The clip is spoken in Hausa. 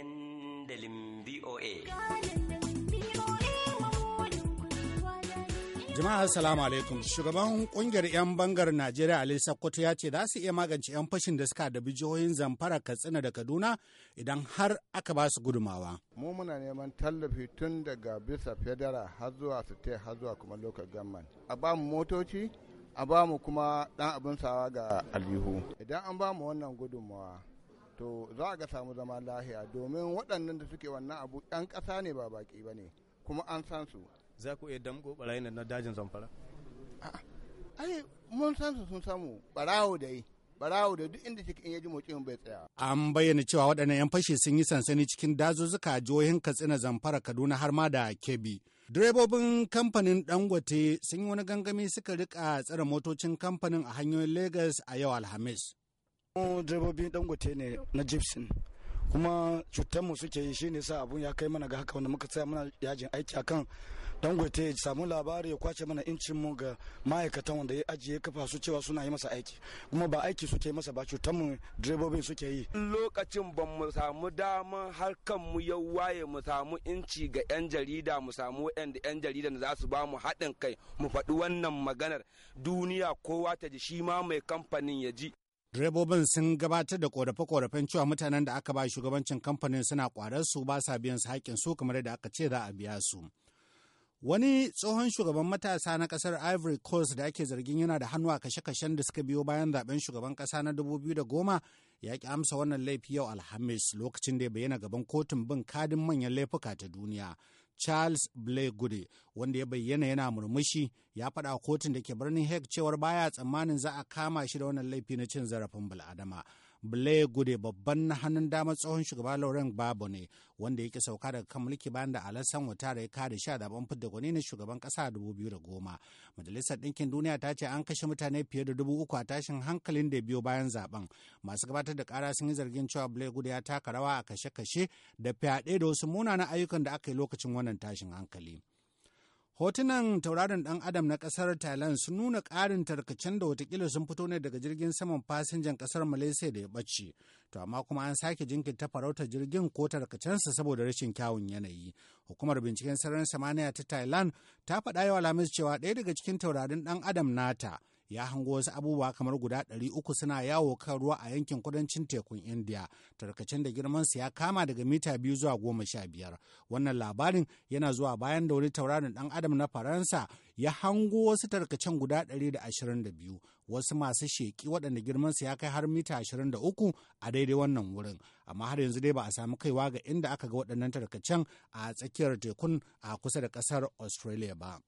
dandalin VOA. Jama'a Assalamu alaikum. Shugaban kungiyar 'yan bangar Najeriya Ali Sakkwato ya ce za su iya magance 'yan fashin da suka da bijiyoyin Zamfara, Katsina da Kaduna idan har aka ba su gudumawa. Mu muna neman tallafi tun daga bisa federa har zuwa state har zuwa kuma local government. A ba mu motoci, a ba mu kuma dan abin sawa ga alihu. Idan an ba mu wannan gudunmawa to za a ga samu zama lahiya domin waɗannan da suke wannan abu ɗan ƙasa ne ba baƙi ba ne kuma an san su za ku iya damgo ɓarayin na dajin zamfara ai mun san su sun samu ɓarawo da yi ɓarawo da duk inda cikin yaji motsin bai tsaya. An bayyana cewa waɗannan 'yan fashe sun yi sansani cikin dazuzzuka jihohin Katsina, Zamfara, Kaduna har ma da Kebbi. Direbobin kamfanin Dangote sun yi wani gangami suka rika tsare motocin kamfanin a hanyoyin Legas a yau Alhamis. direbobin dangote ne na gypsum kuma cutar mu suke yi shine sa abun ya kai mana ga haka wanda muka tsaya mana yajin aiki akan dangote ya samu labari ya kwace mana incin mu ga ma'aikatan wanda ya ajiye kafa su cewa suna yi masa aiki kuma ba aiki suke masa ba cutar mu direbobin suke yi lokacin ba mu samu dama har kan mu ya waye mu samu inci ga yan jarida mu samu waɗanda yan jarida za su ba mu haɗin kai mu faɗi wannan maganar duniya kowa ta ji shi ma mai kamfanin ya ji direbobin sun gabatar da korafe-korafen cewa mutanen da aka ba shugabancin kamfanin suna kwarar su ba sa biyan su haƙƙin su kamar da aka ce za a biya su wani tsohon shugaban matasa na kasar ivory coast da ake zargin yana da hannu a kashe-kashen da suka biyo bayan zaben shugaban ƙasa na 2010 ya ki amsa wannan laifi yau alhamis lokacin da ya bayyana gaban kotun bin kadin manyan laifuka ta duniya charles blake gude wanda ya bayyana yana murmushi ya faɗa kotun da ke birnin hague cewar baya tsammanin za a kama shi da wannan laifi na cin zarafin bil'adama Blair Gude babban hannun damar tsohon shugaba Lauren Gbagbo ne wanda yake sauka daga kan mulki bayan da Alassane Ouattara ya kare sha ban fidda gwani na shugaban kasa a goma Majalisar Ɗinkin Duniya ta ce an kashe mutane fiye da dubu uku a tashin hankalin da biyu bayan zaben. Masu gabatar da kara sun yi zargin cewa Blair Gude ya taka rawa a kashe-kashe da fyaɗe da wasu munanan ayyukan da aka yi lokacin wannan tashin hankali. Hotunan tauraron ɗan Adam na ƙasar Thailand sun nuna ƙarin tarkacen da watakila sun fito ne daga jirgin saman fasinjan ƙasar Malaysia da ya ɓace. To amma kuma an sake jinkirta farautar jirgin ko tarkacensa saboda rashin kyawun yanayi. Hukumar binciken sararin samaniya ta Thailand ta faɗa yau Alhamis cewa ɗaya daga cikin taurarin ɗan Adam nata ya hango wasu abubuwa kamar guda ɗari uku suna yawo kan ruwa a yankin kudancin tekun India, tarkacen da girmansu ya kama daga mita biyu zuwa goma sha biyar. Wannan labarin yana zuwa bayan da wani taurarin ɗan adam na Faransa ya hango wasu tarkacen guda 122 wasu masu sheƙi waɗanda girmansu ya kai har mita da uku a daidai wannan wurin amma har yanzu dai ba a samu kaiwa ga inda aka ga waɗannan tarkacen a tsakiyar tekun a kusa da ƙasar australia ba.